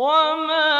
وما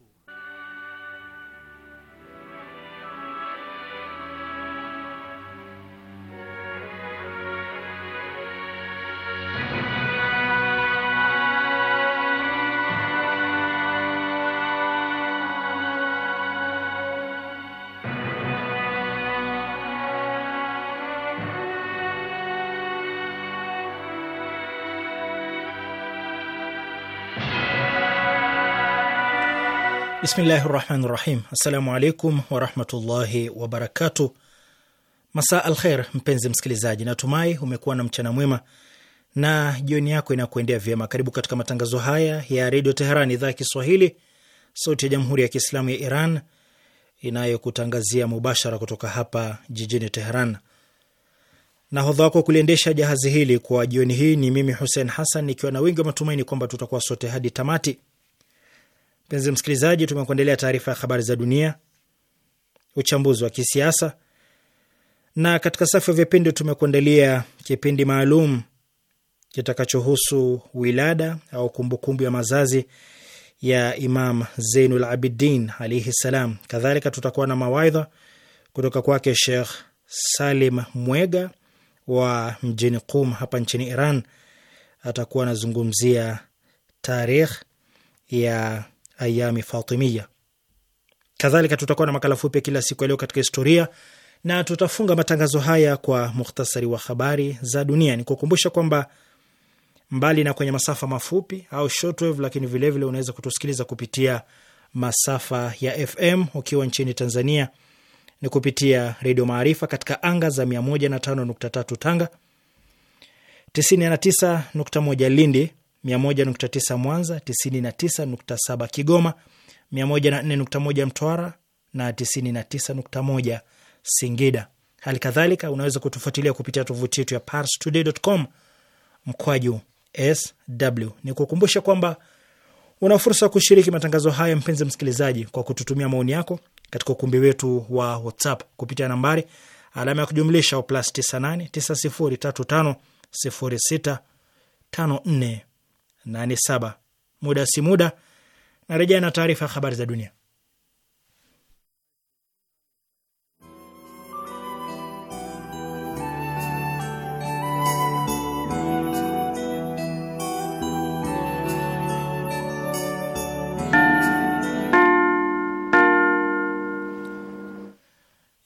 Bismillahi rahmani rahim. Assalamu alaikum warahmatullahi wabarakatu. Masa al kher, mpenzi msikilizaji, natumai umekuwa na mchana mwema na jioni yako inakuendea vyema. Karibu katika matangazo haya ya redio Teheran, idhaa ya Kiswahili, sauti ya jamhuri ya kiislamu ya Iran inayokutangazia mubashara kutoka hapa jijini Teheran. Nahodha wako kuliendesha jahazi hili kwa jioni hii ni mimi Hussein Hassan, nikiwa na wengi wa matumaini kwamba tutakuwa sote hadi tamati. Mpenzi msikilizaji, tumekuendelea taarifa ya habari za dunia, uchambuzi wa kisiasa, na katika safu ya vipindi tumekuandalia kipindi maalum kitakachohusu wilada au kumbukumbu ya mazazi ya Imam Zeinul Abidin alaihi salam. Kadhalika tutakuwa na mawaidha kutoka kwake Shekh Salim Mwega wa mjini Qum hapa nchini Iran. Atakuwa anazungumzia tarikh ya Ayami Fatimia. Kadhalika tutakuwa na makala fupi kila siku yaleo katika historia, na tutafunga matangazo haya kwa muhtasari wa habari za dunia. Ni kukumbusha kwamba mbali na kwenye masafa mafupi au shortwave, lakini vilevile unaweza kutusikiliza kupitia masafa ya FM ukiwa nchini Tanzania ni kupitia Redio Maarifa katika anga za 105.3 Tanga, 99.1 Lindi, 101.9 Mwanza, 99.7 Kigoma, 104.1 Mtwara na 99.1 Singida. Hali kadhalika unaweza kutufuatilia kupitia tovuti yetu ya parstoday.com mkwaju sw. Ni kukumbusha kwamba una fursa ya kushiriki matangazo haya, mpenzi msikilizaji, kwa kututumia maoni yako katika ukumbi wetu wa WhatsApp kupitia nambari alama ya kujumlisha plus 98 90350654 87. Muda si muda narejea na taarifa ya habari za dunia.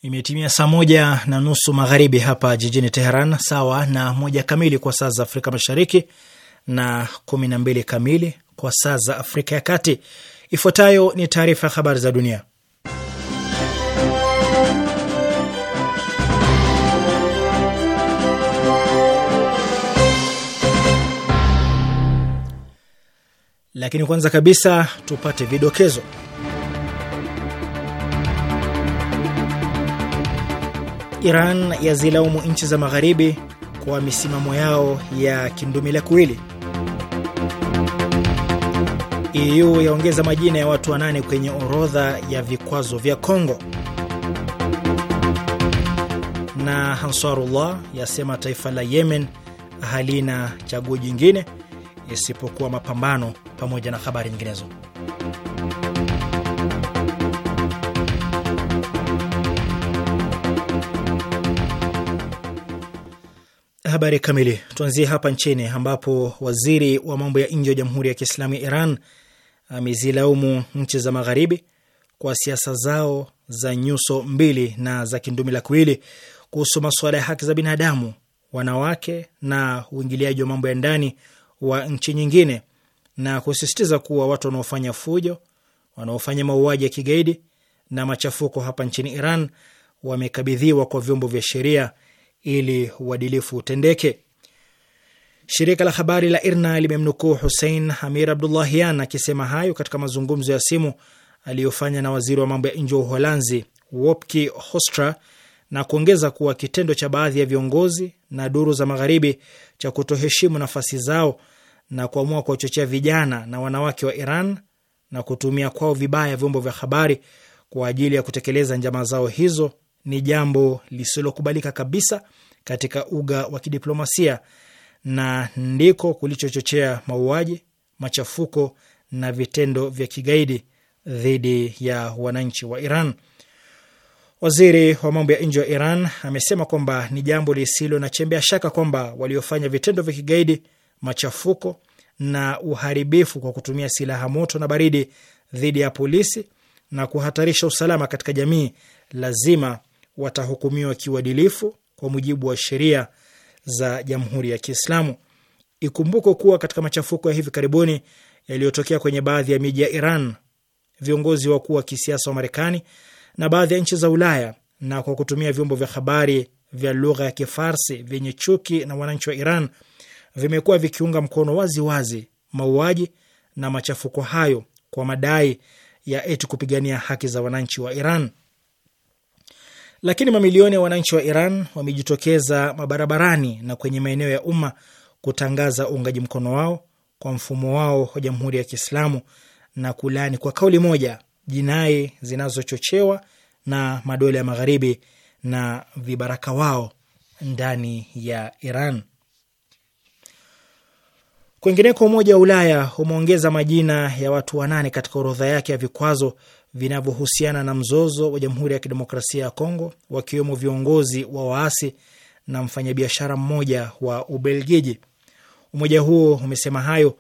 Imetimia saa moja na nusu magharibi hapa jijini Teheran, sawa na moja kamili kwa saa za Afrika Mashariki na kumi na mbili kamili kwa saa za Afrika ya Kati. Ifuatayo ni taarifa ya habari za dunia, lakini kwanza kabisa tupate vidokezo. Iran yazilaumu nchi za magharibi kwa misimamo yao ya kindumila kuwili. EU yaongeza majina ya watu wanane kwenye orodha ya vikwazo vya Kongo, na Ansarullah yasema taifa la Yemen halina chaguo jingine isipokuwa mapambano, pamoja na habari nyinginezo. Habari kamili tuanzie hapa nchini ambapo waziri wa mambo ya nje wa Jamhuri ya Kiislamu ya Iran amezilaumu nchi za Magharibi kwa siasa zao za nyuso mbili na za kindumi la kuili kuhusu masuala ya haki za binadamu, wanawake na uingiliaji wa mambo ya ndani wa nchi nyingine, na kusisitiza kuwa watu wanaofanya fujo, wanaofanya mauaji ya kigaidi na machafuko hapa nchini Iran wamekabidhiwa kwa vyombo vya sheria ili uadilifu utendeke. Shirika la habari la IRNA limemnukuu Hussein Hamir Abdullahian akisema hayo katika mazungumzo ya simu aliyofanya na waziri wa mambo ya nje wa Uholanzi Wopke Hoekstra na kuongeza kuwa kitendo cha baadhi ya viongozi na duru za magharibi cha kutoheshimu nafasi zao na kuamua kuwachochea vijana na wanawake wa Iran na kutumia kwao vibaya vyombo vya habari kwa ajili ya kutekeleza njama zao hizo ni jambo lisilokubalika kabisa katika uga wa kidiplomasia na ndiko kulichochochea mauaji, machafuko na vitendo vya kigaidi dhidi ya wananchi wa Iran. Waziri wa mambo ya nje wa Iran amesema kwamba ni jambo lisilo na chembe ya shaka kwamba waliofanya vitendo vya kigaidi, machafuko na uharibifu kwa kutumia silaha moto na baridi dhidi ya polisi na kuhatarisha usalama katika jamii lazima watahukumiwa kiuadilifu kwa mujibu wa sheria za Jamhuri ya Kiislamu. Ikumbuko kuwa katika machafuko ya hivi karibuni yaliyotokea kwenye baadhi ya miji ya Iran, viongozi wakuu wa kisiasa wa Marekani na baadhi ya nchi za Ulaya, na kwa kutumia vyombo vya habari vya lugha ya Kifarsi vyenye chuki na wananchi wa Iran, vimekuwa vikiunga mkono waziwazi mauaji na machafuko hayo kwa madai ya eti kupigania haki za wananchi wa Iran. Lakini mamilioni ya wananchi wa Iran wamejitokeza mabarabarani na kwenye maeneo ya umma kutangaza uungaji mkono wao kwa mfumo wao wa Jamhuri ya Kiislamu na kulaani kwa kauli moja jinai zinazochochewa na madola ya Magharibi na vibaraka wao ndani ya Iran. Kwingineko, Umoja wa Ulaya umeongeza majina ya watu wanane katika orodha yake ya vikwazo vinavyohusiana na mzozo wa Jamhuri ya Kidemokrasia ya Kongo, wakiwemo viongozi wa waasi na mfanyabiashara mmoja wa Ubelgiji. Umoja huo umesema hayo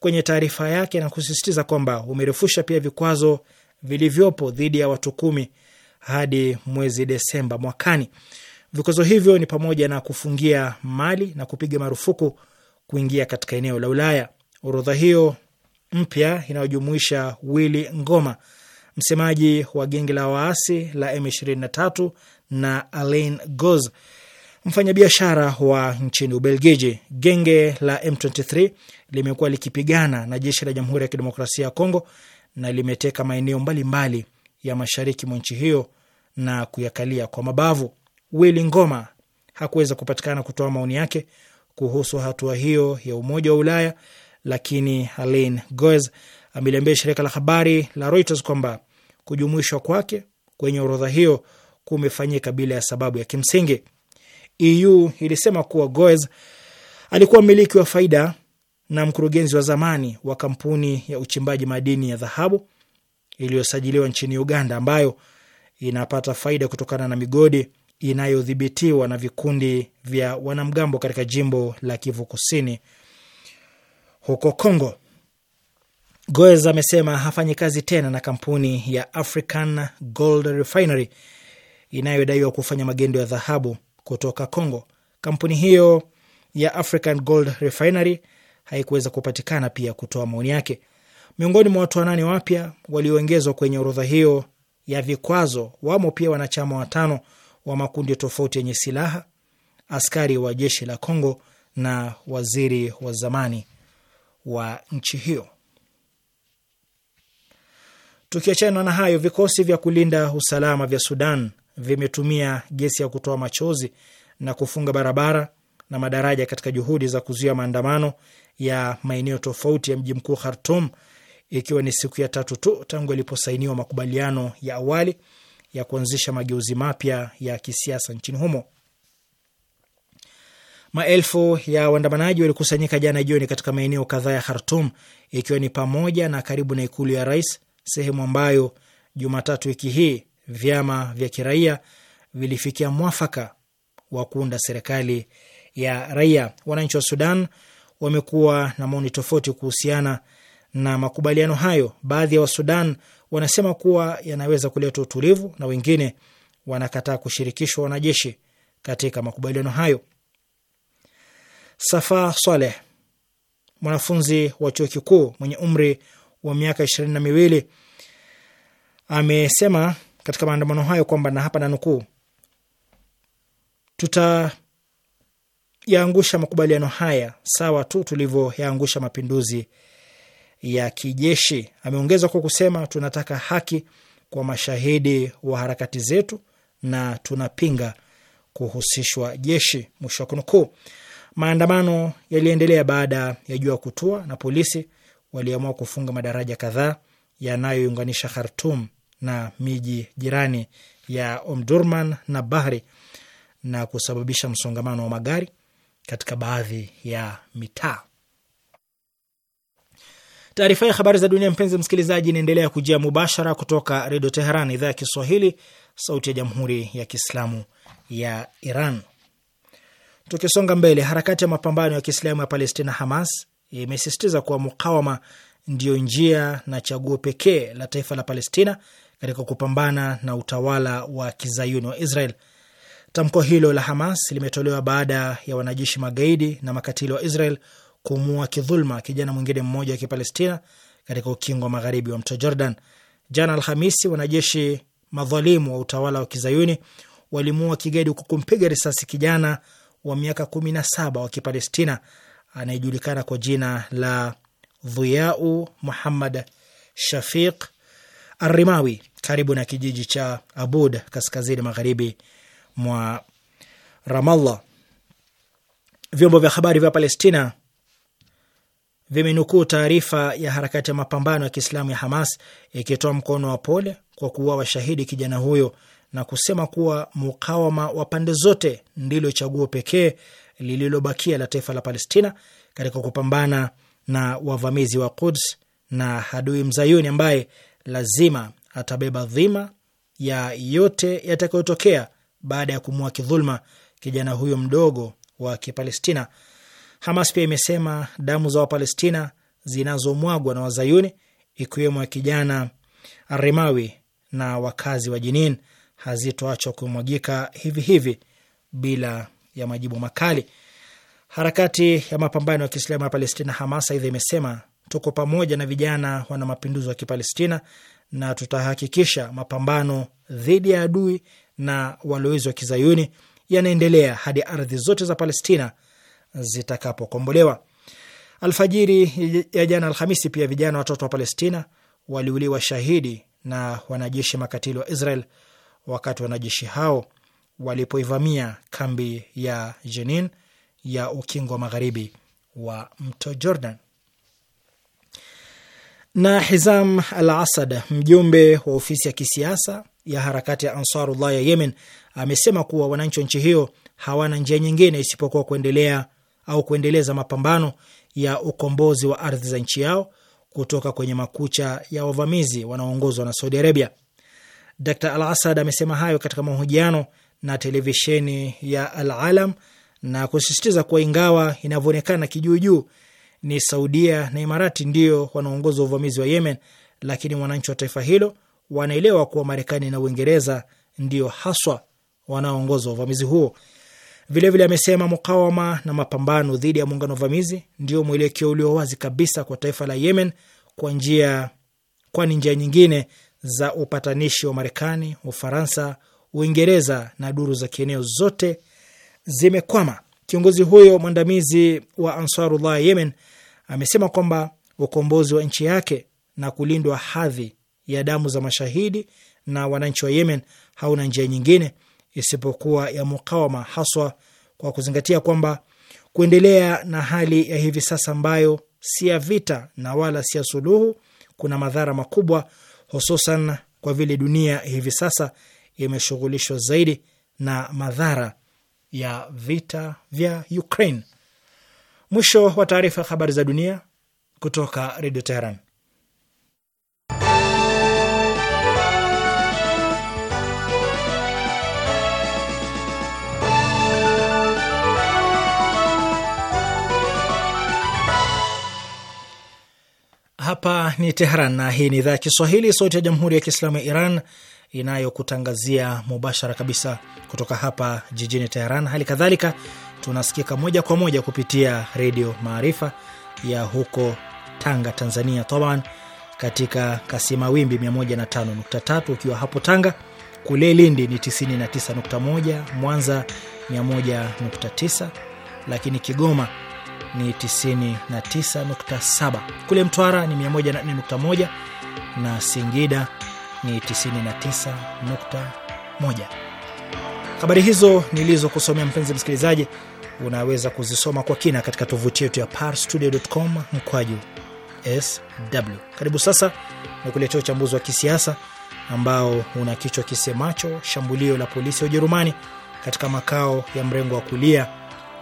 kwenye taarifa yake na kusisitiza kwamba umerefusha pia vikwazo vilivyopo dhidi ya watu kumi hadi mwezi Desemba mwakani. Vikwazo hivyo ni pamoja na kufungia mali na kupiga marufuku kuingia katika eneo la Ulaya. Orodha hiyo mpya inayojumuisha Willy Ngoma msemaji wa genge la waasi la M23 na Alain Goz, mfanyabiashara wa nchini Ubelgiji. Genge la M23 limekuwa likipigana na jeshi la Jamhuri ya Kidemokrasia ya Kongo na limeteka maeneo mbalimbali ya mashariki mwa nchi hiyo na kuyakalia kwa mabavu. Willy Ngoma hakuweza kupatikana kutoa maoni yake kuhusu hatua hiyo ya Umoja wa Ulaya, lakini Alain Goz ameliambia shirika la habari la Reuters kwamba kujumuishwa kwake kwenye orodha hiyo kumefanyika bila ya sababu ya kimsingi. EU ilisema kuwa Goes alikuwa mmiliki wa faida na mkurugenzi wa zamani wa kampuni ya uchimbaji madini ya dhahabu iliyosajiliwa nchini Uganda, ambayo inapata faida kutokana na migodi inayodhibitiwa na vikundi vya wanamgambo katika jimbo la Kivu Kusini huko Kongo. Goes amesema hafanyi kazi tena na kampuni ya African Gold Refinery inayodaiwa kufanya magendo ya dhahabu kutoka Congo. Kampuni hiyo ya African Gold Refinery haikuweza kupatikana pia kutoa maoni yake. Miongoni mwa watu wanane wapya walioongezwa kwenye orodha hiyo ya vikwazo wamo pia wanachama watano wa makundi tofauti yenye silaha, askari wa jeshi la Congo na waziri wa zamani wa nchi hiyo. Tukiachana na hayo, vikosi vya kulinda usalama vya Sudan vimetumia gesi ya kutoa machozi na kufunga barabara na madaraja katika juhudi za kuzuia maandamano ya maeneo tofauti ya mji mkuu Khartum, ikiwa ni siku ya tatu tu tangu yaliposainiwa makubaliano ya awali ya kuanzisha mageuzi mapya ya kisiasa nchini humo. Maelfu ya waandamanaji walikusanyika jana jioni katika maeneo kadhaa ya Khartum, ikiwa ni pamoja na karibu na ikulu ya rais sehemu ambayo Jumatatu wiki hii vyama vya kiraia vilifikia mwafaka wa kuunda serikali ya raia. Wananchi wa Sudan wamekuwa na maoni tofauti kuhusiana na makubaliano hayo. Baadhi ya wa Wasudan wanasema kuwa yanaweza kuleta utulivu na wengine wanakataa kushirikishwa wanajeshi katika makubaliano hayo. Safa Saleh, mwanafunzi wa chuo kikuu mwenye umri wa miaka ishirini na miwili amesema katika maandamano hayo kwamba na hapa nanukuu, tutayaangusha makubaliano haya sawa tu tulivyoyaangusha mapinduzi ya kijeshi. Ameongeza kwa kusema tunataka haki kwa mashahidi wa harakati zetu na tunapinga kuhusishwa jeshi, mwisho wa kunukuu. Maandamano yaliendelea baada ya jua kutua na polisi waliamua kufunga madaraja kadhaa yanayounganisha Khartum na miji jirani ya Omdurman na Bahri na kusababisha msongamano wa magari katika baadhi ya mitaa. Taarifa ya habari za dunia, mpenzi msikilizaji, inaendelea kujia mubashara kutoka Redio Teheran, idhaa ya Kiswahili, sauti ya Jamhuri ya Kiislamu ya Iran. Tukisonga mbele, harakati ya mapambano ya Kiislamu ya Palestina, Hamas, imesisitiza kuwa mukawama ndiyo njia na chaguo pekee la taifa la Palestina katika kupambana na utawala wa kizayuni wa Israel. Tamko hilo la Hamas limetolewa baada ya wanajeshi magaidi na makatili wa Israel kumua kidhulma kijana mwingine mmoja wa Kipalestina katika ukingo wa magharibi wa mto Jordan. Jana Alhamisi, wanajeshi madhalimu wa utawala wa kizayuni walimua kigaidi kwa kumpiga risasi kijana wa miaka kumi na saba wa Kipalestina anayejulikana kwa jina la Dhuyau Muhammad Shafiq Arrimawi karibu na kijiji cha Abud kaskazini magharibi mwa Ramallah. Vyombo vya habari vya Palestina vimenukuu taarifa ya harakati ya mapambano ya Kiislamu ya Hamas ikitoa mkono wa pole kwa kuua washahidi kijana huyo na kusema kuwa mukawama wa pande zote ndilo chaguo pekee lililobakia la taifa la Palestina katika kupambana na wavamizi wa Quds na hadui mzayuni ambaye lazima atabeba dhima ya yote yatakayotokea baada ya kumua kidhulma kijana huyo mdogo wa Kipalestina. Hamas pia imesema damu za Wapalestina zinazomwagwa na wazayuni ikiwemo ya kijana Arimawi na wakazi wa Jinin hazitoachwa kumwagika hivi hivi bila ya majibu makali. Harakati ya mapambano ya Kiislamu ya Palestina, Hamas, aidha imesema tuko pamoja na vijana wana mapinduzi wa Kipalestina na tutahakikisha mapambano dhidi ya adui na walowezi wa kizayuni yanaendelea hadi ardhi zote za Palestina zitakapokombolewa. Alfajiri ya jana Alhamisi, pia vijana watoto wa Palestina waliuliwa shahidi na wanajeshi makatili wa Israel wakati wanajeshi hao walipoivamia kambi ya Jenin ya ukingo wa magharibi wa mto Jordan. Na Hizam al Asad, mjumbe wa ofisi ya kisiasa ya harakati ya Ansarullah ya Yemen, amesema kuwa wananchi wa nchi hiyo hawana njia nyingine isipokuwa kuendelea au kuendeleza mapambano ya ukombozi wa ardhi za nchi yao kutoka kwenye makucha ya wavamizi wanaoongozwa na Saudi Arabia. Dr al Asad amesema hayo katika mahojiano na televisheni ya Al Alam na kusisitiza kuwa ingawa inavyoonekana kijuujuu ni Saudia na Imarati ndio wanaongoza uvamizi wa Yemen, lakini wananchi wa taifa hilo wanaelewa kuwa Marekani na Uingereza ndio haswa wanaongoza uvamizi huo. Vilevile amesema mukawama na mapambano dhidi ya muungano uvamizi ndio mwelekeo ulio wazi kabisa kwa taifa la Yemen, kwa njia kwani njia nyingine za upatanishi wa Marekani, Ufaransa, Uingereza na duru za kieneo zote zimekwama. Kiongozi huyo mwandamizi wa Ansarullah Yemen amesema kwamba ukombozi wa nchi yake na kulindwa hadhi ya damu za mashahidi na wananchi wa Yemen hauna njia nyingine isipokuwa ya mukawama, haswa kwa kuzingatia kwamba kuendelea na hali ya hivi sasa ambayo si ya vita na wala si ya suluhu kuna madhara makubwa, hususan kwa vile dunia hivi sasa imeshughulishwa zaidi na madhara ya vita vya Ukraine. Mwisho wa taarifa ya habari za dunia kutoka Redio Teheran. Hapa ni Teheran na hii ni idhaa ya Kiswahili, sauti ya jamhuri ya kiislamu ya Iran inayokutangazia mubashara kabisa kutoka hapa jijini Teheran. Hali kadhalika tunasikika moja kwa moja kupitia Redio Maarifa ya huko Tanga, Tanzania, toban katika kasima wimbi 105.3 ukiwa hapo Tanga. Kule Lindi ni 99.1, Mwanza 101.9, lakini Kigoma ni 99.7, kule Mtwara ni 104.1 na Singida ni 99.1. Habari hizo nilizokusomea, mpenzi msikilizaji, unaweza kuzisoma kwa kina katika tovuti yetu ya parstudio.com mkwaju sw. Karibu sasa ni kuletea uchambuzi wa kisiasa ambao una kichwa kisemacho shambulio la polisi wa Ujerumani katika makao ya mrengo wa kulia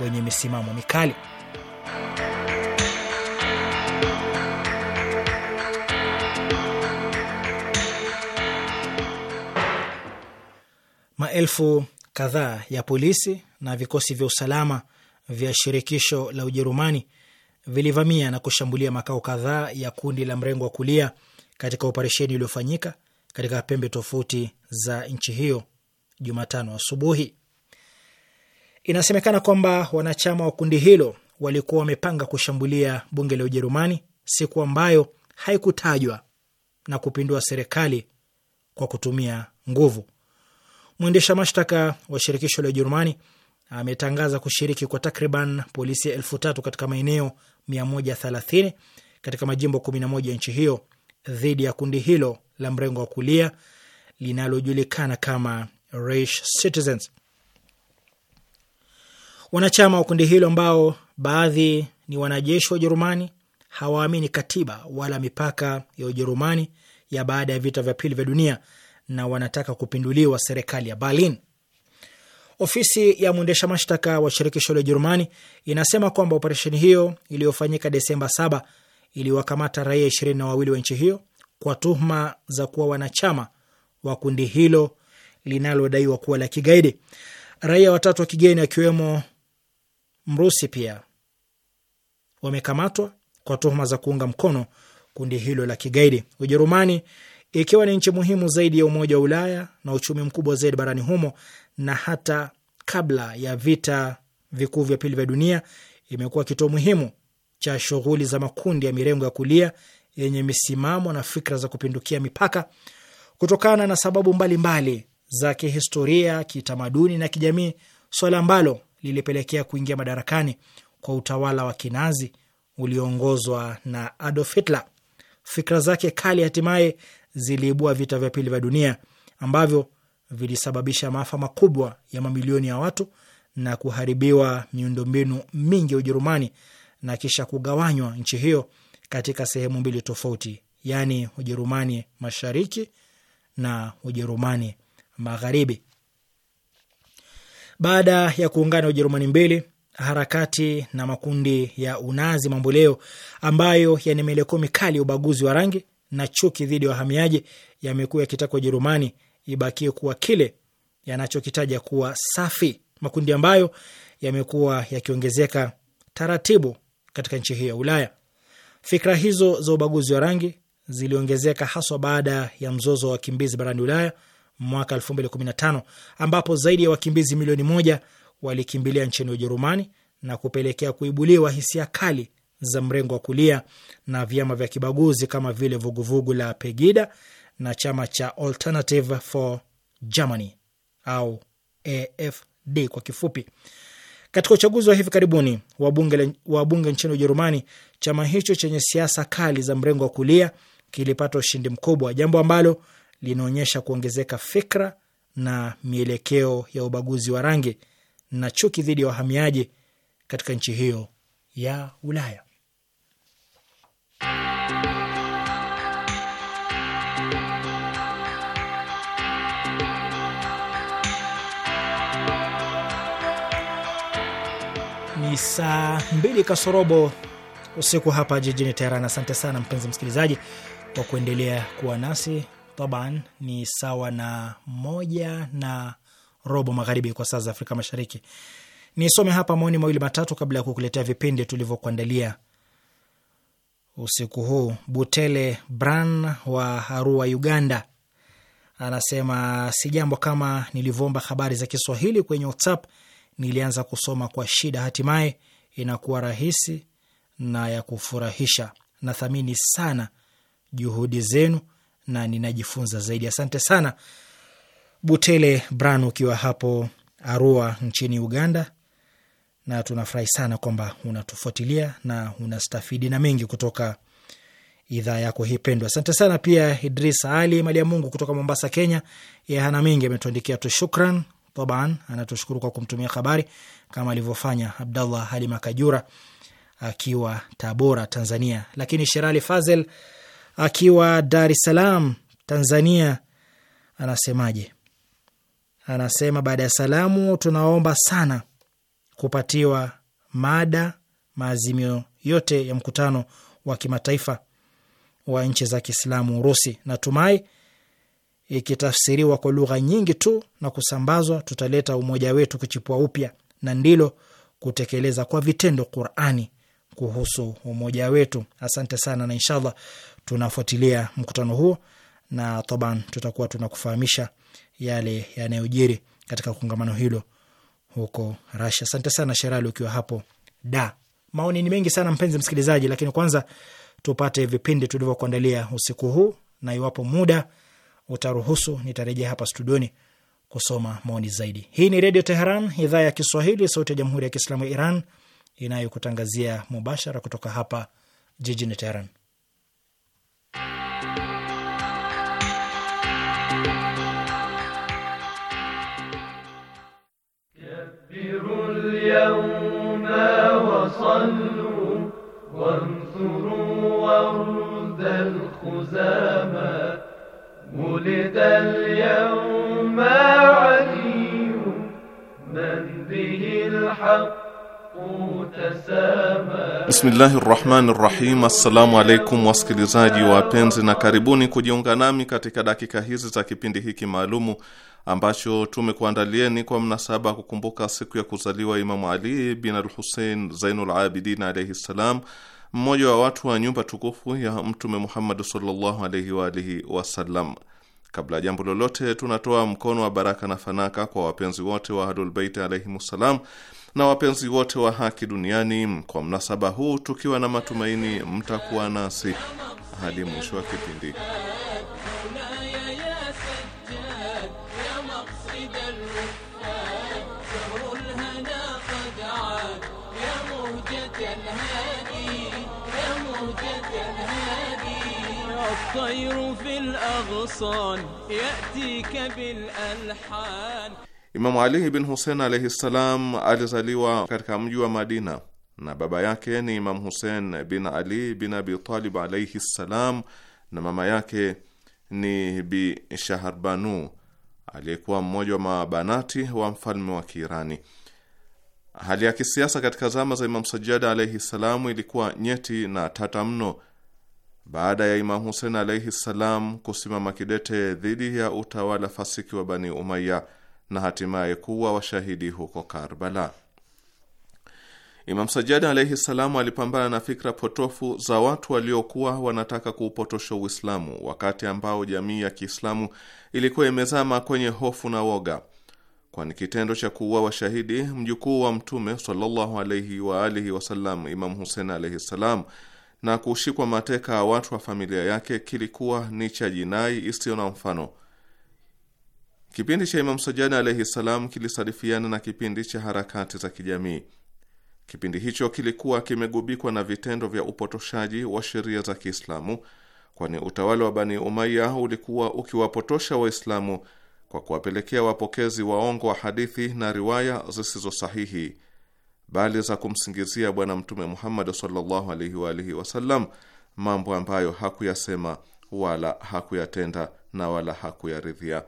wenye misimamo mikali. Maelfu kadhaa ya polisi na vikosi vya usalama vya shirikisho la Ujerumani vilivamia na kushambulia makao kadhaa ya kundi la mrengo wa kulia katika operesheni iliyofanyika katika pembe tofauti za nchi hiyo Jumatano asubuhi. Inasemekana kwamba wanachama wa kundi hilo walikuwa wamepanga kushambulia bunge la Ujerumani siku ambayo haikutajwa na kupindua serikali kwa kutumia nguvu. Mwendesha mashtaka wa shirikisho la Ujerumani ametangaza kushiriki kwa takriban polisi elfu tatu katika maeneo 130 katika majimbo 11 ya nchi hiyo dhidi ya kundi hilo la mrengo wa kulia linalojulikana kama Reich Citizens. Wanachama wa kundi hilo ambao baadhi ni wanajeshi wa Ujerumani hawaamini katiba wala mipaka ya Ujerumani ya baada ya vita vya pili vya dunia na wanataka kupinduliwa serikali ya Berlin. Ofisi ya mwendesha mashtaka wa shirikisho la Ujerumani inasema kwamba operesheni hiyo iliyofanyika Desemba 7 iliwakamata raia ishirini na wawili wa nchi hiyo kwa tuhuma za kuwa wanachama wa kundi hilo linalodaiwa kuwa la kigaidi. Raia watatu wa kigeni akiwemo Mrusi pia wamekamatwa kwa tuhuma za kuunga mkono kundi hilo la kigaidi. Ujerumani ikiwa ni nchi muhimu zaidi ya Umoja wa Ulaya na uchumi mkubwa zaidi barani humo, na hata kabla ya vita vikuu vya pili vya dunia imekuwa kituo muhimu cha shughuli za makundi ya mirengo ya kulia yenye misimamo na fikra za kupindukia mipaka kutokana na sababu mbalimbali mbali za kihistoria, kitamaduni na kijamii, swala ambalo lilipelekea kuingia madarakani kwa utawala wa kinazi ulioongozwa na Adolf Hitler. Fikra zake kali hatimaye ziliibua vita vya pili vya dunia ambavyo vilisababisha maafa makubwa ya mamilioni ya watu na kuharibiwa miundombinu mingi ya Ujerumani na kisha kugawanywa nchi hiyo katika sehemu mbili tofauti, yaani Ujerumani mashariki na Ujerumani magharibi. Baada ya kuungana Ujerumani mbili, harakati na makundi ya unazi mamboleo ambayo yana mielekeo mikali ya ubaguzi wa rangi na chuki dhidi ya wahamiaji yamekuwa yakitaka Ujerumani ibakie kuwa kile yanachokitaja kuwa safi, makundi ambayo yamekuwa yakiongezeka taratibu katika nchi hiyo ya Ulaya. Fikra hizo za ubaguzi wa rangi ziliongezeka haswa baada ya mzozo wa wakimbizi barani Ulaya mwaka 2015 ambapo zaidi ya wakimbizi milioni moja walikimbilia nchini Ujerumani na kupelekea kuibuliwa hisia kali za mrengo wa kulia na vyama vya kibaguzi kama vile vuguvugu la Pegida na chama cha Alternative for Germany au AFD kwa kifupi. Katika uchaguzi wa hivi karibuni wa bunge nchini Ujerumani, chama hicho chenye siasa kali za mrengo wa kulia kilipata ushindi mkubwa, jambo ambalo linaonyesha kuongezeka fikra na mielekeo ya ubaguzi wa rangi na chuki dhidi ya wahamiaji katika nchi hiyo ya Ulaya. saa mbili kasorobo usiku hapa jijini Teheran. Asante sana mpenzi msikilizaji kwa kuendelea kuwa nasi. Taban ni sawa na moja na robo magharibi kwa saa za Afrika Mashariki. Nisome hapa maoni mawili matatu kabla ya kukuletea vipindi tulivyokuandalia usiku huu. Butele Bran wa Arua, Uganda, anasema si jambo kama nilivyoomba habari za Kiswahili kwenye WhatsApp nilianza kusoma kwa shida, hatimaye inakuwa rahisi na ya kufurahisha. Nathamini sana juhudi zenu na ninajifunza zaidi. Asante sana Butele Bran, ukiwa hapo Arua nchini Uganda, na tunafurahi sana kwamba unatufuatilia na unastafidi na mengi kutoka idhaa yako hii pendwa. Asante sana pia Idris Ali Mali ya Mungu kutoka Mombasa, Kenya. Yehana mengi ametuandikia tu, shukran. Taban anatushukuru kwa kumtumia habari kama alivyofanya Abdallah Halima Kajura akiwa Tabora, Tanzania. Lakini Sherali Fazel akiwa Dar es Salaam, Tanzania anasemaje? Anasema baada ya salamu, tunaomba sana kupatiwa mada maazimio yote ya mkutano wa kimataifa wa nchi za Kiislamu Urusi. Natumai ikitafsiriwa kwa lugha nyingi tu na kusambazwa, tutaleta umoja wetu kuchipua upya, na ndilo kutekeleza kwa vitendo Qurani kuhusu umoja wetu. Asante sana, na inshallah tunafuatilia mkutano huo na taban, tutakuwa tunakufahamisha yale yanayojiri katika kongamano hilo huko Rasia. Asante sana Sherali, ukiwa hapo da. Maoni ni mengi sana mpenzi msikilizaji, lakini kwanza tupate vipindi tulivyokuandalia usiku huu na iwapo muda utaruhusu nitarejea hapa studioni kusoma maoni zaidi. Hii ni Redio Teheran, idhaa ya Kiswahili, sauti ya Jamhuri ya Kiislamu ya Iran inayokutangazia mubashara kutoka hapa jijini Teheran. ولد اليوم علي من به الحق Bismillahi rahmani rahim. Assalamu alaikum wasikilizaji wapenzi, na karibuni kujiunga nami katika dakika hizi za kipindi hiki maalumu ambacho tumekuandalieni kwa mnasaba wa kukumbuka siku ya kuzaliwa Imamu Ali bin al Husein Zainul Abidin alaihi ssalam mmoja wa watu wa nyumba tukufu ya Mtume Muhammad sallallahu alaihi wa alihi wasallam. Kabla ya jambo lolote, tunatoa mkono wa baraka na fanaka kwa wapenzi wote wa Ahlulbeiti alaihim wassalam na wapenzi wote wa haki duniani kwa mnasaba huu, tukiwa na matumaini mtakuwa nasi hadi mwisho wa kipindi. الطير في Imamu Ali bin husein alaihi salam alizaliwa katika mji wa Madina na baba yake ni Imam Hussein bin Ali bin Abi Talib alaihi salam na mama yake ni Bi shahrbanu aliyekuwa mmoja wa mabanati wa mfalme wa Kiirani. Hali ya kisiasa katika zama za Imam Sajjad alaihi salamu ilikuwa nyeti na tata mno. Baada ya Imam Husein alaihi salam kusimama kidete dhidi ya utawala fasiki wa Bani Umaya na hatimaye kuwa washahidi huko Karbala, Imam Sajjad alaihi salamu alipambana na fikra potofu za watu waliokuwa wanataka kuupotosha Uislamu wakati ambao jamii ya Kiislamu ilikuwa imezama kwenye hofu na woga kwani kitendo cha kuua washahidi mjukuu wa Mtume sallallahu alaihi wa alihi wasallam Imam Husein alaihi na kushikwa mateka watu wa familia yake kilikuwa ni cha jinai isiyo na mfano. Kipindi cha Imam Sajjad alaihi salam kilisadifiana na kipindi cha harakati za kijamii. Kipindi hicho kilikuwa kimegubikwa na vitendo vya upotoshaji wa sheria za Kiislamu, kwani utawala wa Bani Umaya ulikuwa ukiwapotosha Waislamu kwa kuwapelekea wapokezi waongo wa hadithi na riwaya zisizo sahihi, bali za kumsingizia Bwana Mtume Muhammad sallallahu alaihi wa alihi wasallam mambo ambayo hakuyasema wala hakuyatenda na wala hakuyaridhia.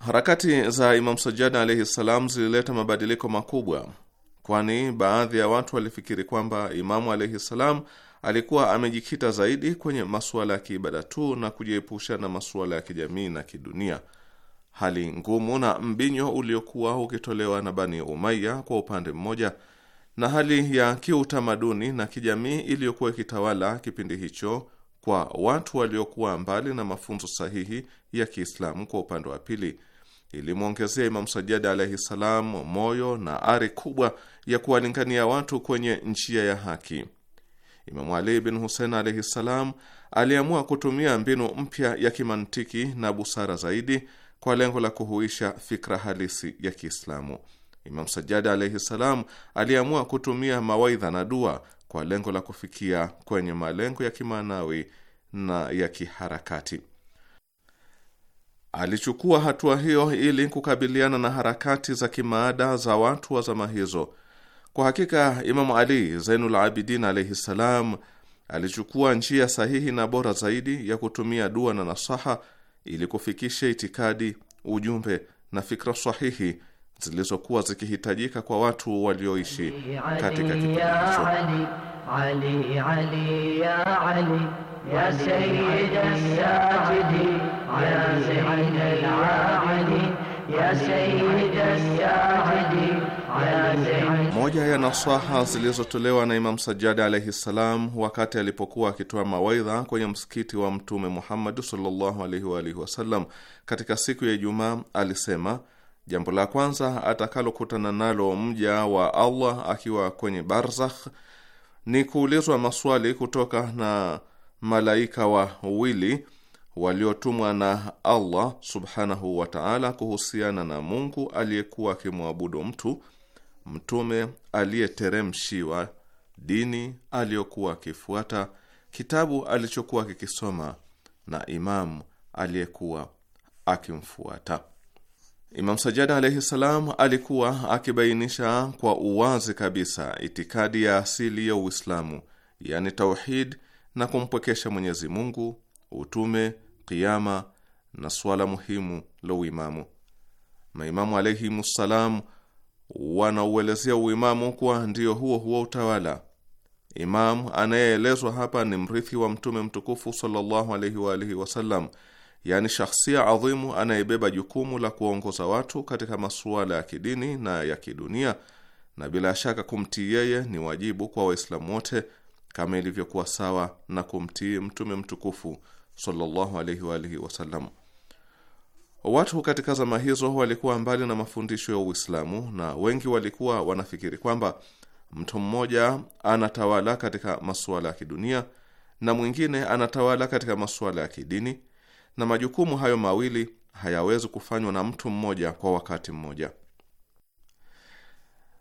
Harakati za Imam Sajjad alaihi ssalam zilileta mabadiliko makubwa, kwani baadhi ya watu walifikiri kwamba Imamu alaihi ssalam alikuwa amejikita zaidi kwenye masuala ya kiibada tu na kujiepusha na masuala ya kijamii na kidunia. Hali ngumu na mbinyo uliokuwa ukitolewa na Bani Umaya kwa upande mmoja, na hali ya kiutamaduni na kijamii iliyokuwa ikitawala kipindi hicho kwa watu waliokuwa mbali na mafunzo sahihi ya Kiislamu kwa upande wa pili, ilimwongezea Imamu sajadi alaihi salam moyo na ari kubwa ya kuwalingania watu kwenye njia ya haki. Imamu Ali bin Husein alaihi ssalam aliamua kutumia mbinu mpya ya kimantiki na busara zaidi kwa lengo la kuhuisha fikra halisi ya Kiislamu. Imam sajadi alaihi ssalam aliamua kutumia mawaidha na dua kwa lengo la kufikia kwenye malengo ya kimaanawi na ya kiharakati. Alichukua hatua hiyo ili kukabiliana na harakati za kimaada za watu wa zama hizo kwa hakika Imamu Ali Zainul Abidin alaihi ssalam alichukua njia sahihi na bora zaidi ya kutumia dua na nasaha ili kufikisha itikadi, ujumbe na fikra sahihi zilizokuwa zikihitajika kwa watu walioishi katika kipindi hicho. Moja ya nasaha zilizotolewa na Imam sajadi alaihi ssalam wakati alipokuwa akitoa mawaidha kwenye msikiti wa Mtume Muhammad sallallahu alaihi wa alihi wasallam katika siku ya Ijumaa alisema, jambo la kwanza atakalokutana nalo mja wa Allah akiwa kwenye barzakh ni kuulizwa maswali kutoka na malaika wawili waliotumwa na Allah subhanahu wa taala kuhusiana na Mungu aliyekuwa akimwabudu mtu mtume aliyeteremshiwa, dini aliyokuwa akifuata, kitabu alichokuwa kikisoma na imamu aliyekuwa akimfuata. Imam sajadi alaihi salam alikuwa akibainisha kwa uwazi kabisa itikadi ya asili ya Uislamu, yani tauhid, na kumpwekesha Mwenyezi Mungu, utume, kiama na suala muhimu la uimamu. Maimamu alaihimussalam wanauelezea uimamu kuwa ndio huo huo utawala. Imamu anayeelezwa hapa ni mrithi wa Mtume mtukufu sallallahu alaihi wa alihi wasallam, yaani shakhsia adhimu anayebeba jukumu la kuongoza watu katika masuala ya kidini na ya kidunia, na bila shaka kumtii yeye ni wajibu kwa Waislamu wote kama ilivyokuwa sawa na kumtii Mtume mtukufu sallallahu alaihi wa alihi wasallam. Watu katika zama hizo walikuwa mbali na mafundisho ya Uislamu na wengi walikuwa wanafikiri kwamba mtu mmoja anatawala katika masuala ya kidunia na mwingine anatawala katika masuala ya kidini, na majukumu hayo mawili hayawezi kufanywa na mtu mmoja kwa wakati mmoja.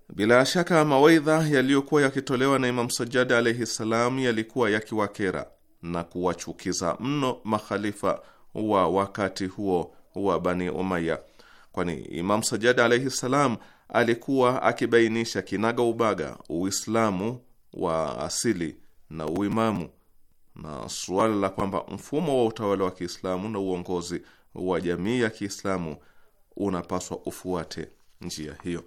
Bila shaka mawaidha yaliyokuwa yakitolewa na Imam Sajjad alayhi salam yalikuwa yakiwakera na kuwachukiza mno makhalifa wa wakati huo wa Bani Umaya, kwani Imam Sajjad alaihi ssalam alikuwa akibainisha kinaga ubaga Uislamu wa asili na uimamu na suala la kwamba mfumo wa utawala wa Kiislamu na uongozi wa jamii ya Kiislamu unapaswa ufuate njia hiyo.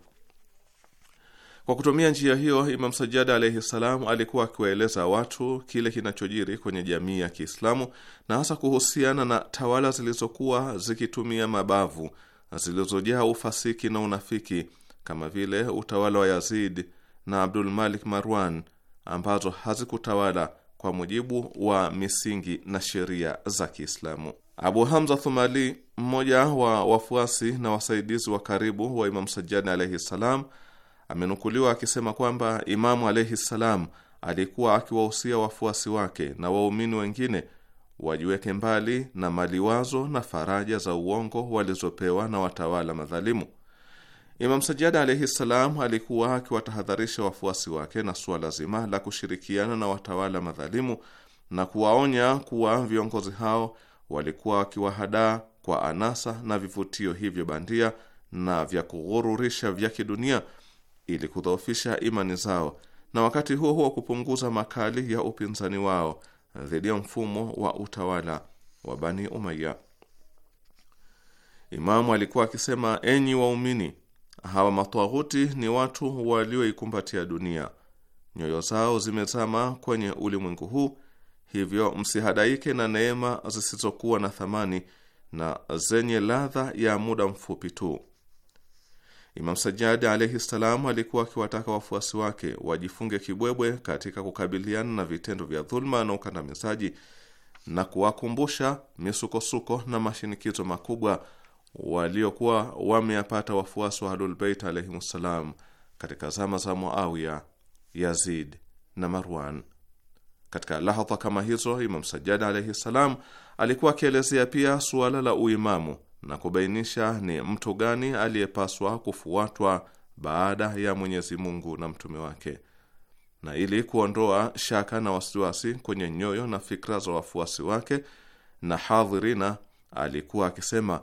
Kwa kutumia njia hiyo, Imam Sajjada alaihi ssalam alikuwa akiwaeleza watu kile kinachojiri kwenye jamii ya Kiislamu na hasa kuhusiana na tawala zilizokuwa zikitumia mabavu zilizojaa ufasiki na unafiki kama vile utawala wa Yazid na Abdul Malik Marwan ambazo hazikutawala kwa mujibu wa misingi na sheria za Kiislamu. Abu Hamza Thumali, mmoja wa wafuasi na wasaidizi wa karibu wa Imam sajadi alaihi ssalam amenukuliwa akisema kwamba Imamu alaihi ssalam alikuwa akiwahusia wafuasi wake na waumini wengine wajiweke mbali na maliwazo na faraja za uongo walizopewa na watawala madhalimu. Imam Sajjad alaihi ssalam alikuwa akiwatahadharisha wafuasi wake na suala zima la kushirikiana na watawala madhalimu na kuwaonya kuwa viongozi hao walikuwa wakiwahadaa kwa anasa na vivutio hivyo bandia na vya kughururisha vya kidunia ili kudhoofisha imani zao na wakati huo huo kupunguza makali ya upinzani wao dhidi ya mfumo wa utawala wa Bani Umayya. Imamu alikuwa akisema, enyi waumini, hawa matwaghuti ni watu walioikumbatia dunia, nyoyo zao zimezama kwenye ulimwengu huu, hivyo msihadaike na neema zisizokuwa na thamani na zenye ladha ya muda mfupi tu. Imam Sajjadi alaihi ssalam alikuwa akiwataka wafuasi wake wajifunge kibwebwe katika kukabiliana na vitendo vya dhuluma na ukandamizaji na kuwakumbusha misukosuko na mashinikizo makubwa waliokuwa wameyapata wafuasi wa Ahlulbeit alaihim ssalam katika zama za Muawiya, Yazid na Marwan. Katika lahadha kama hizo, Imam sajadi alaihi ssalam alikuwa akielezea pia suala la uimamu na kubainisha ni mtu gani aliyepaswa kufuatwa baada ya Mwenyezi Mungu na mtume wake. Na ili kuondoa shaka na wasiwasi kwenye nyoyo na fikra za wafuasi wake na hadhirina, alikuwa akisema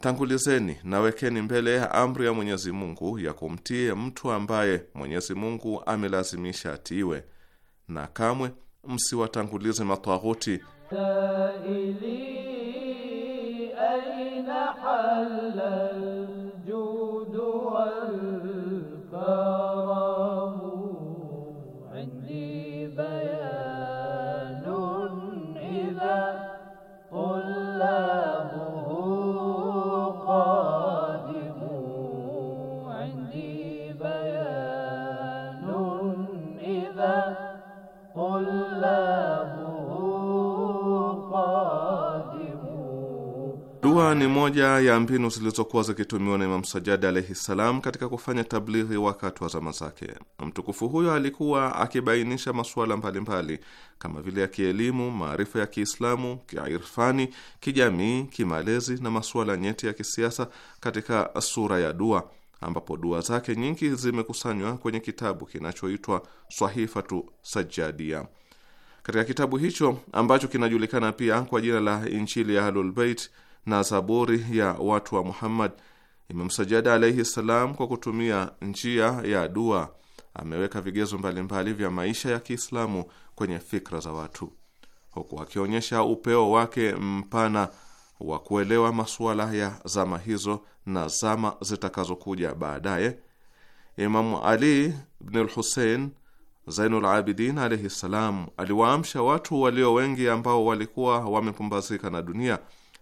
Tangulizeni na wekeni mbele ya amri ya Mwenyezi Mungu ya kumtie mtu ambaye Mwenyezi Mungu amelazimisha atiiwe, na kamwe msiwatangulize matwaghuti. أين حل ni moja ya mbinu zilizokuwa zikitumiwa na Imam Sajadi alaihi ssalam katika kufanya tablighi wakati wa zama zake. Mtukufu huyo alikuwa akibainisha masuala mbalimbali kama vile ya kielimu, maarifa ya Kiislamu, kiirfani, kijamii, kimalezi na masuala nyeti ya kisiasa katika sura ya dua, ambapo dua zake nyingi zimekusanywa kwenye kitabu kinachoitwa Swahifatu Sajadia. Katika kitabu hicho ambacho kinajulikana pia kwa jina la Injili ya Ahlul Bait na Zaburi ya watu wa Muhammad imemsajada alayhi salam, kwa kutumia njia ya dua. Ameweka vigezo mbalimbali vya maisha ya Kiislamu kwenye fikra za watu, huku akionyesha upeo wake mpana wa kuelewa masuala ya zama hizo na zama zitakazokuja baadaye. Imamu Ali al-Hussein Zainul Abidin alayhi salam aliwaamsha watu walio wengi ambao walikuwa wamepumbazika na dunia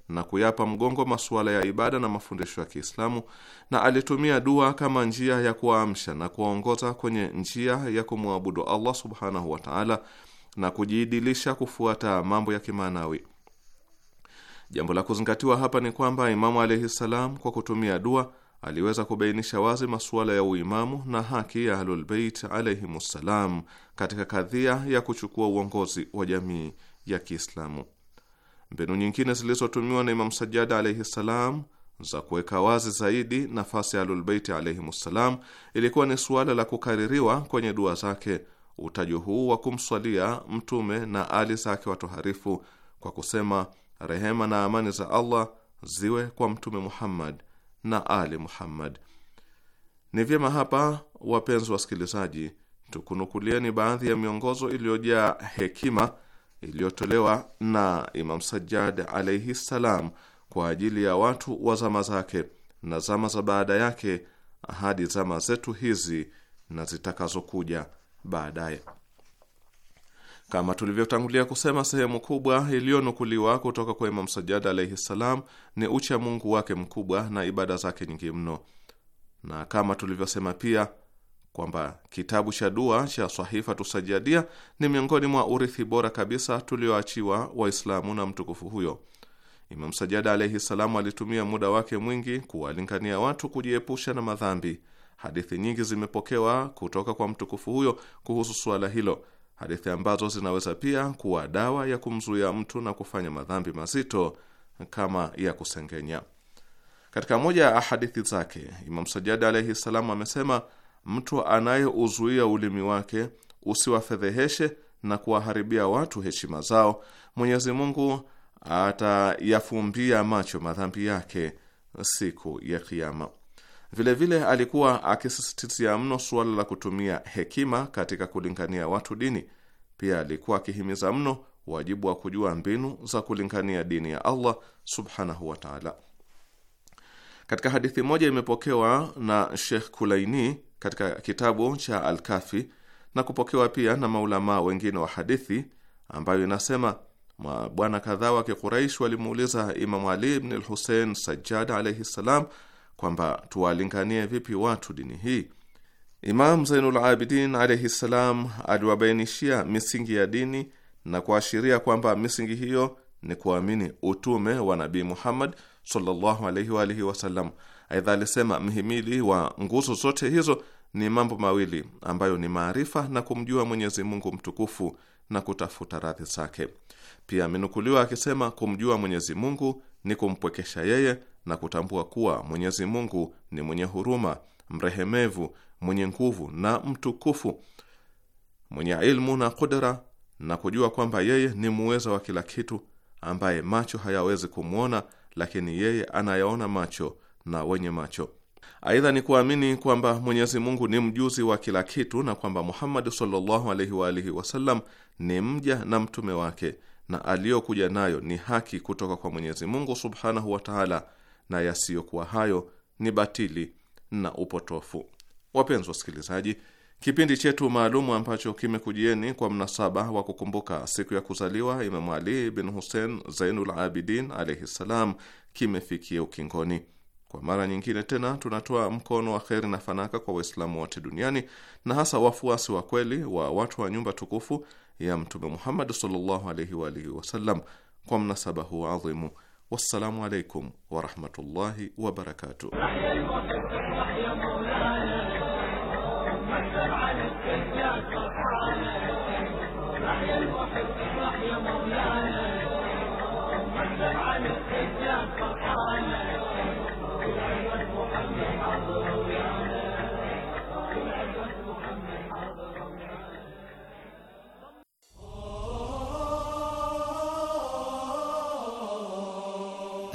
na kuyapa mgongo masuala ya ibada na mafundisho ya Kiislamu, na alitumia dua kama njia ya kuwaamsha na kuwaongoza kwenye njia ya kumwabudu Allah subhanahu wa taala na kujiidilisha kufuata mambo ya kimaanawi. Jambo la kuzingatiwa hapa ni kwamba Imamu alaihi salam kwa kutumia dua aliweza kubainisha wazi masuala ya uimamu na haki ya Ahlulbeit alaihimussalam katika kadhia ya kuchukua uongozi wa jamii ya Kiislamu. Mbinu nyingine zilizotumiwa na Imam sajada alaihi ssalam za kuweka wazi zaidi nafasi ya Ahlulbeiti alaihim ssalam ilikuwa ni suala la kukaririwa kwenye dua zake utajo huu wa kumswalia Mtume na ali zake watoharifu kwa kusema rehema na amani za Allah ziwe kwa Mtume Muhammad na ali Muhammad. Ni vyema hapa, wapenzi wasikilizaji, tukunukulieni baadhi ya miongozo iliyojaa hekima iliyotolewa na Imam Sajjad alaihi ssalam kwa ajili ya watu wa zama zake na zama za baada yake hadi zama zetu hizi na zitakazokuja baadaye. Kama tulivyotangulia kusema, sehemu kubwa iliyonukuliwa kutoka kwa Imam Sajjad alaihi ssalam ni ucha Mungu wake mkubwa na ibada zake nyingi mno, na kama tulivyosema pia kwamba kitabu cha dua cha Sahifa Tusajadia ni miongoni mwa urithi bora kabisa tulioachiwa Waislamu na mtukufu huyo. Imam Sajada alaihi salamu alitumia muda wake mwingi kuwalingania watu kujiepusha na madhambi. Hadithi nyingi zimepokewa kutoka kwa mtukufu huyo kuhusu suala hilo, hadithi ambazo zinaweza pia kuwa dawa ya kumzuia mtu na kufanya madhambi mazito kama ya kusengenya. Katika moja ya hadithi zake, Imam Sajada alaihi salamu amesema mtu anayeuzuia ulimi wake usiwafedheheshe na kuwaharibia watu heshima zao, Mwenyezi Mungu atayafumbia macho madhambi yake siku ya Kiyama. Vilevile alikuwa akisisitizia mno suala la kutumia hekima katika kulingania watu dini. Pia alikuwa akihimiza mno wajibu wa kujua mbinu za kulingania dini ya Allah subhanahu wa taala. Katika hadithi moja imepokewa na Sheikh Kulaini katika kitabu cha Alkafi na kupokewa pia na maulamaa wengine wa hadithi, ambayo inasema mabwana kadhaa wa Kikuraish walimuuliza Imamu Ali ibn al Sajjad alayhi salam kwamba tuwalinganie vipi watu dini hii. Imam Zainul Abidin alayhi salam aliwabainishia misingi ya dini na kuashiria kwamba misingi hiyo ni kuamini utume wa Nabii Muhammad sallallahu alayhi wa alihi wasallam. Aidha alisema mhimili wa nguzo zote hizo ni mambo mawili ambayo ni maarifa na kumjua Mwenyezi Mungu mtukufu na kutafuta radhi zake. Pia amenukuliwa akisema kumjua Mwenyezi Mungu ni kumpwekesha yeye na kutambua kuwa Mwenyezi Mungu ni mwenye huruma, mrehemevu, mwenye nguvu na mtukufu, mwenye ilmu na kudera, na kujua kwamba yeye ni muweza wa kila kitu, ambaye macho hayawezi kumwona, lakini yeye anayaona macho na wenye macho Aidha ni kuamini kwamba Mwenyezi Mungu ni mjuzi wa kila kitu na kwamba Muhammad sallallahu alaihi wa alihi wasallam ni mja na mtume wake na aliyokuja nayo ni haki kutoka kwa Mwenyezi Mungu subhanahu wa taala, na yasiyokuwa hayo ni batili na upotofu. Wapenzi wasikilizaji, kipindi chetu maalumu ambacho kimekujieni kwa mnasaba wa kukumbuka siku ya kuzaliwa Imamu Ali bin Hussein Zainul Abidin alaihi ssalam kimefikia ukingoni. Kwa mara nyingine tena tunatoa mkono wa kheri na fanaka kwa Waislamu wote duniani na hasa wafuasi wa kweli wa watu wa nyumba tukufu ya Mtume Muhammad sallallahu alaihi wa alihi wasallam kwa mnasaba huu adhimu. Wassalamu alaikum warahmatullahi wabarakatuh.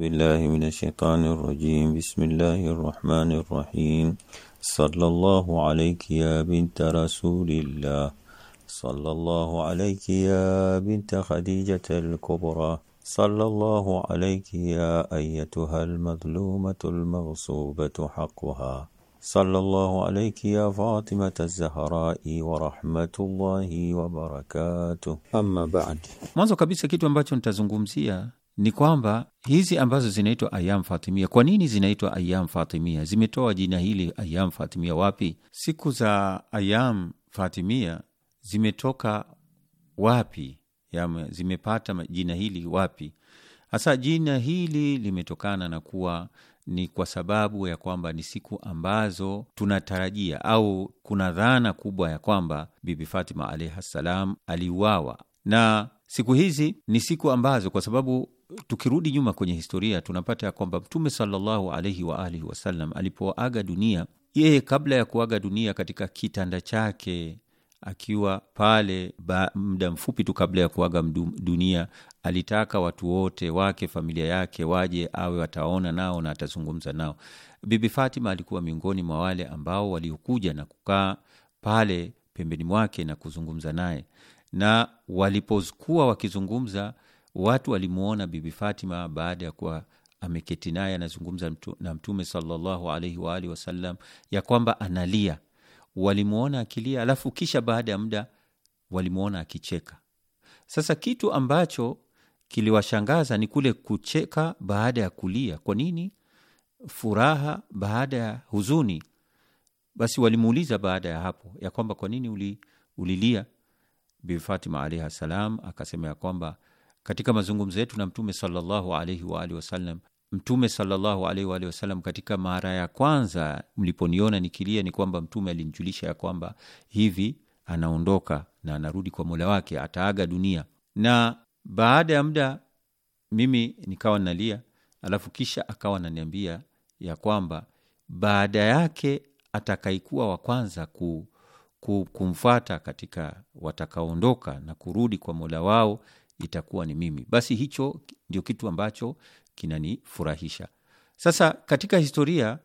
بالله من الشيطان الرجيم بسم الله الرحمن الرحيم صلى الله عليك يا بنت رسول الله صلى الله عليك يا بنت خديجة الكبرى صلى الله عليك يا أيتها المظلومة المغصوبة حقها صلى الله عليك يا فاطمة الزهراء ورحمة الله وبركاته. Amma baad. Mwanzo kabisa kitu ambacho nitazungumzia ni kwamba hizi ambazo zinaitwa ayam fatimia kwa nini zinaitwa ayam fatimia zimetoa jina hili ayam fatimia wapi siku za ayam fatimia zimetoka wapi zimepata jina hili wapi hasa jina hili limetokana na kuwa ni kwa sababu ya kwamba ni siku ambazo tunatarajia au kuna dhana kubwa ya kwamba bibi fatima alaihi ssalam aliuawa na siku hizi ni siku ambazo kwa sababu tukirudi nyuma kwenye historia tunapata ya kwamba mtume salallahu alaihi alihi wasallam alipoaga dunia yeye kabla ya kuaga dunia katika kitanda chake akiwa pale muda mfupi tu kabla ya kuaga dunia alitaka watu wote wake familia yake waje awe wataona nao na atazungumza nao bibi fatima alikuwa miongoni mwa wale ambao waliokuja na kukaa pale pembeni mwake na kuzungumza naye na walipokuwa wakizungumza watu walimwona bibi Fatima baada ya kuwa ameketi naye anazungumza na Mtume sallallahu alaihi wa wasallam ya kwamba analia. Walimwona akilia, alafu kisha baada ya muda walimwona akicheka. Sasa kitu ambacho kiliwashangaza ni kule kucheka baada ya kulia. Kwa nini? Furaha baada ya huzuni. Basi walimuuliza baada ya hapo ya kwamba kwa nini ulilia? Bibi Fatima alaihi salam akasema ya kwamba katika mazungumzo yetu na Mtume sallallahu alaihi wasallam Mtume sallallahu alaihi wasallam, katika mara ya kwanza mliponiona nikilia, ni kwamba Mtume alinjulisha ya kwamba hivi anaondoka na anarudi kwa Mola wake, ataaga dunia. Na baada ya muda mimi nikawa nalia, alafu kisha akawa naniambia ya kwamba baada yake atakaikuwa wa kwanza ku, ku, kumfata katika watakaondoka na kurudi kwa Mola wao itakuwa ni mimi basi hicho ndio kitu ambacho kinanifurahisha sasa katika historia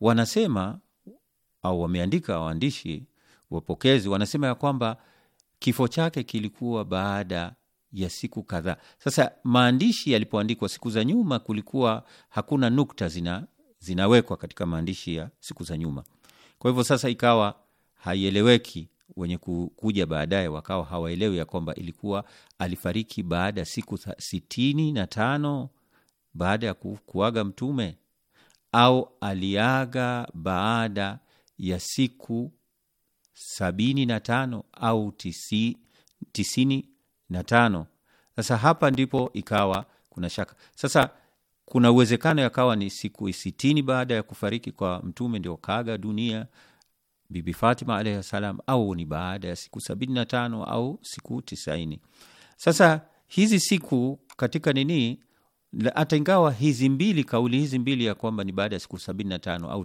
wanasema au wameandika waandishi wapokezi wanasema ya kwamba kifo chake kilikuwa baada ya siku kadhaa sasa maandishi yalipoandikwa siku za nyuma kulikuwa hakuna nukta zina zinawekwa katika maandishi ya siku za nyuma kwa hivyo sasa ikawa haieleweki wenye kuja baadaye wakawa hawaelewi ya kwamba ilikuwa alifariki baada ya siku sitini na tano baada ya kuaga mtume au aliaga baada ya siku sabini na tano au tisi, tisini na tano sasa hapa ndipo ikawa kuna shaka sasa kuna uwezekano yakawa ni siku sitini baada ya kufariki kwa mtume ndio kaaga dunia Bibi Fatima alaihi salam au ni baada ya siku tano au siku tisaini. Sasa hizi siku katika nini, hata ingawa hizi mbili kauli hizi mbili ya kwamba ni baada ya siku tano au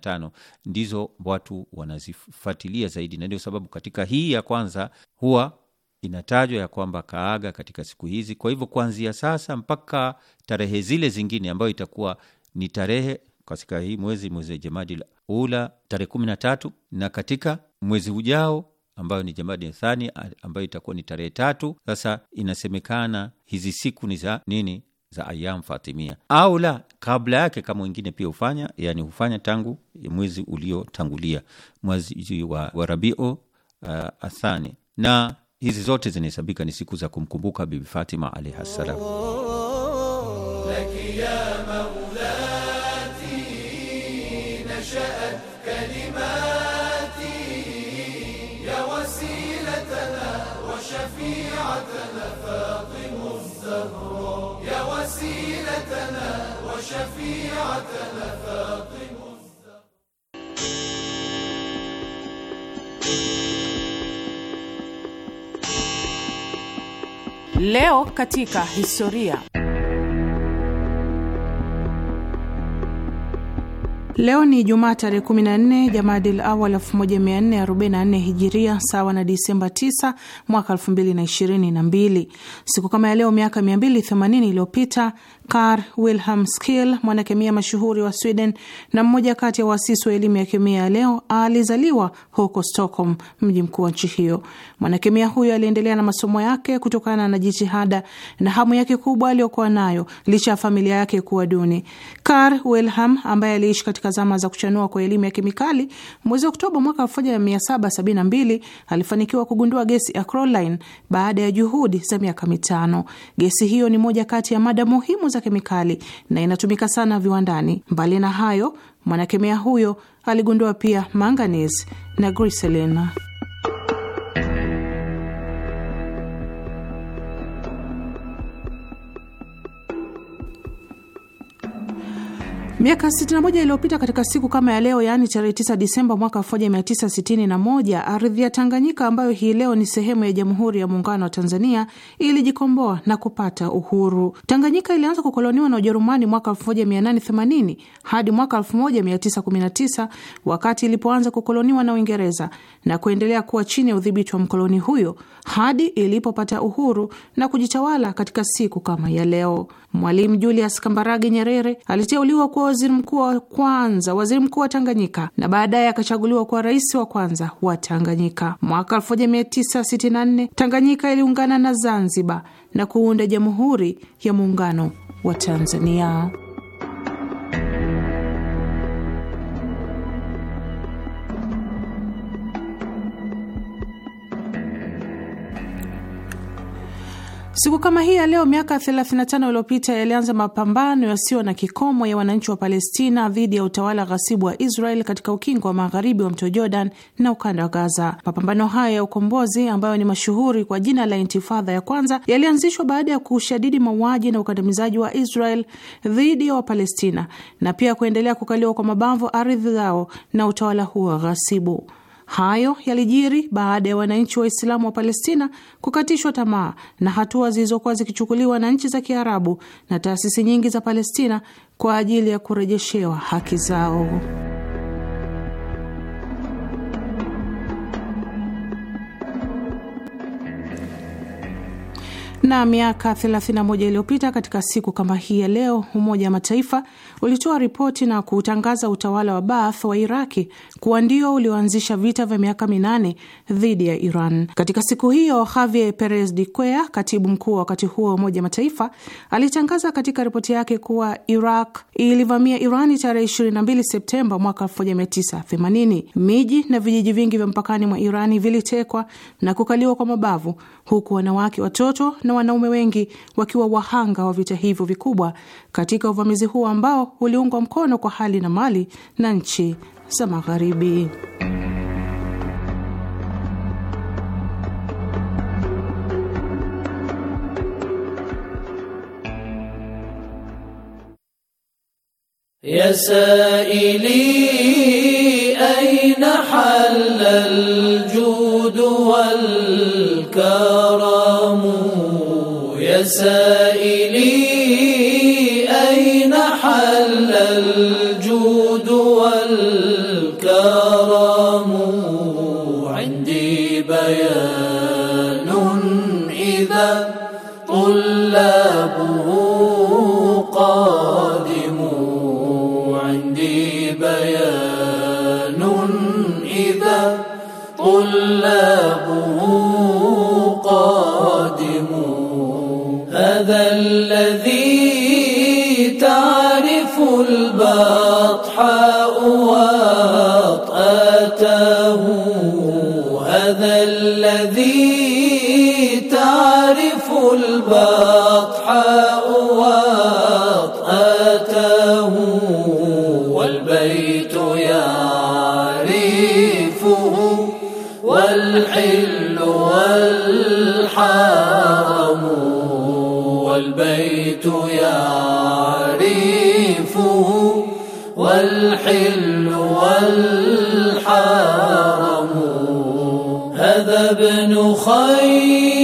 tano ndizo watu wanazifuatilia zaidi, na ndio sababu katika hii ya kwanza huwa inatajwa ya kwamba kaaga katika siku hizi. Kwa hivyo kuanzia sasa mpaka tarehe zile zingine ambayo itakuwa ni tarehe katika hii mwezi mwezi Jamadil ula tarehe kumi na tatu na katika mwezi ujao ambayo ni jamadi thani ambayo itakuwa ni tarehe tatu sasa inasemekana hizi siku ni za nini za ayam fatimia au la kabla yake kama wengine pia hufanya yani hufanya tangu mwezi uliotangulia mwezi wa, wa Rabiu uh, athani na hizi zote zinahesabika ni siku za kumkumbuka bibi fatima alaihi ssalam oh, oh, oh, كلماتي يا وسيلتنا وشفيعتنا فاطم الزهراء يا وسيلتنا وشفيعتنا فاطم Leo katika historia. Leo ni Jumaa tarehe 14 Jamadil Awal 1444 Hijiria, sawa na Disemba 9 mwaka 2022. Siku kama ya leo miaka 280 iliyopita, Carl Wilhelm Skill, mwanakemia mashuhuri wa Sweden na mmoja kati ya waasisi wa elimu ya kemia ya leo, alizaliwa huko Stockholm, mji mkuu wa nchi hiyo. Mwanakemia huyo aliendelea na masomo yake kutokana na jitihada na hamu yake kubwa aliyokuwa nayo licha ya familia yake kuwa duni. Carl Wilhelm ambaye aliishi katika zama za kuchanua kwa elimu ya kemikali, mwezi Oktoba mwaka 1772 alifanikiwa kugundua gesi ya baada ya juhudi za miaka mitano. Gesi hiyo ni moja kati ya mada muhimu za kemikali na inatumika sana viwandani. Mbali na hayo, mwanakemia huyo aligundua pia manganese na griselina. Miaka 61 iliyopita katika siku kama ya leo, yaani tarehe 9 Disemba mwaka 1961, ardhi ya Tanganyika ambayo hii leo ni sehemu ya Jamhuri ya Muungano wa Tanzania ilijikomboa na kupata uhuru. Tanganyika ilianza kukoloniwa na Ujerumani mwaka 1880 hadi mwaka 1919 wakati ilipoanza kukoloniwa na Uingereza na kuendelea kuwa chini ya udhibiti wa mkoloni huyo hadi ilipopata uhuru na kujitawala katika siku kama ya leo. Mwalimu Julius Kambarage Nyerere aliteuliwa kuwa waziri mkuu wa kwanza, waziri mkuu wa Tanganyika na baadaye akachaguliwa kuwa rais wa kwanza wa Tanganyika. Mwaka 1964 Tanganyika iliungana na Zanzibar na kuunda Jamhuri ya Muungano wa Tanzania. Siku kama hii ya leo miaka 35 iliyopita yalianza mapambano yasiyo na kikomo ya wananchi wa Palestina dhidi ya utawala ghasibu wa Israel katika ukingo wa magharibi wa mto Jordan na ukanda wa Gaza. Mapambano hayo ya ukombozi ambayo ni mashuhuri kwa jina la Intifadha ya kwanza yalianzishwa baada ya kushadidi mauaji na ukandamizaji wa Israel dhidi ya Wapalestina na pia kuendelea kukaliwa kwa mabavu ardhi zao na utawala huo wa ghasibu. Hayo yalijiri baada ya wananchi wa islamu wa Palestina kukatishwa tamaa na hatua zilizokuwa zikichukuliwa na nchi za Kiarabu na taasisi nyingi za Palestina kwa ajili ya kurejeshewa haki zao. na miaka 31 iliyopita katika siku kama hii ya leo, Umoja wa Mataifa ulitoa ripoti na kuutangaza utawala wa Baath wa Iraki ulikuwa ndio ulioanzisha vita vya miaka minane dhidi ya Iran. Katika siku hiyo, Javier Perez de Cuellar, katibu mkuu wa wakati huo wa Umoja Mataifa, alitangaza katika ripoti yake kuwa Iraq ilivamia Irani tarehe 22 Septemba mwaka 1980. Miji na vijiji vingi vya mpakani mwa Irani vilitekwa na kukaliwa kwa mabavu, huku wanawake, watoto na wanaume wengi wakiwa wahanga wa vita hivyo vikubwa katika uvamizi huo ambao uliungwa mkono kwa hali na mali na nchi سمع magharibi. يا سائلي أين حل الجود والكرم يا سائلي الابن خير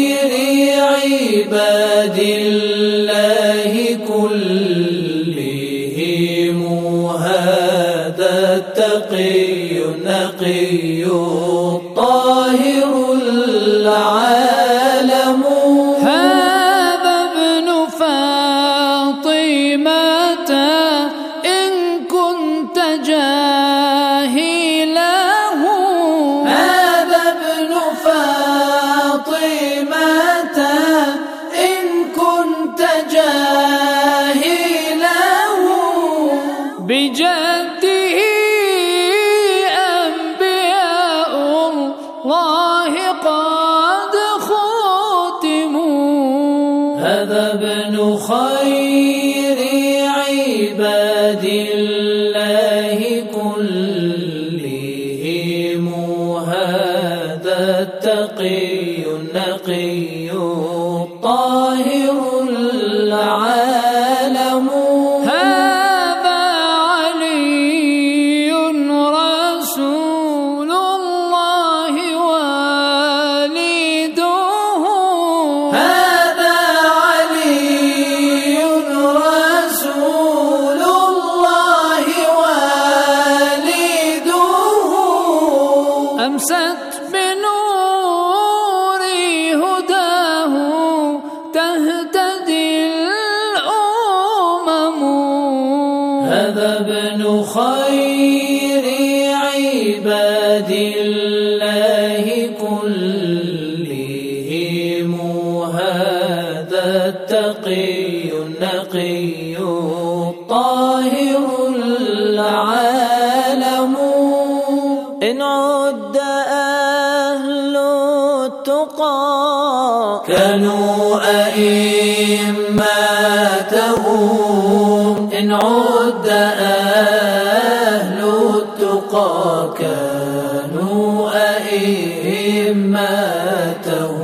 ماته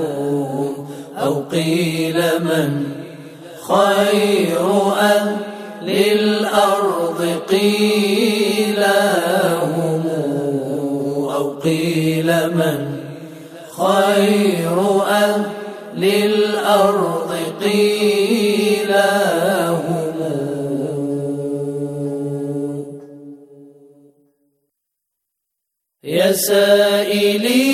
أو قيل من خير أهل الأرض هم أو قيل من خير أهل الأرض قيل يا سائلي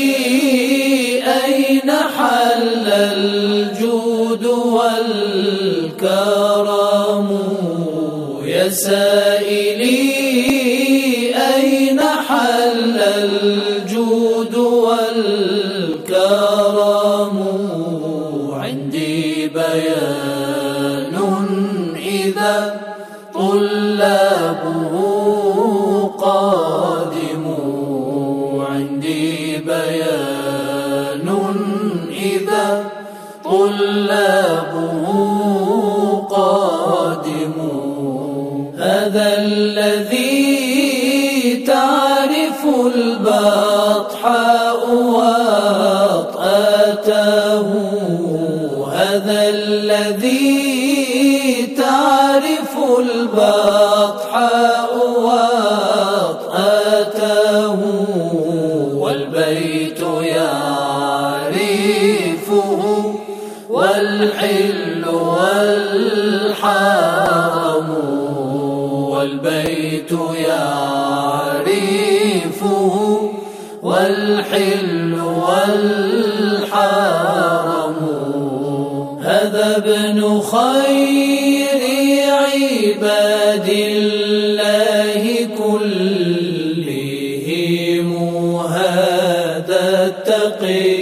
الجود والكرم يا سائلين البطحاء وطأته هذا الذي تعرف البطحاء وطأته والبيت يعرفه والحل والحرم والبيت يعرفه ابن خير عباد الله كلهم هذا التقي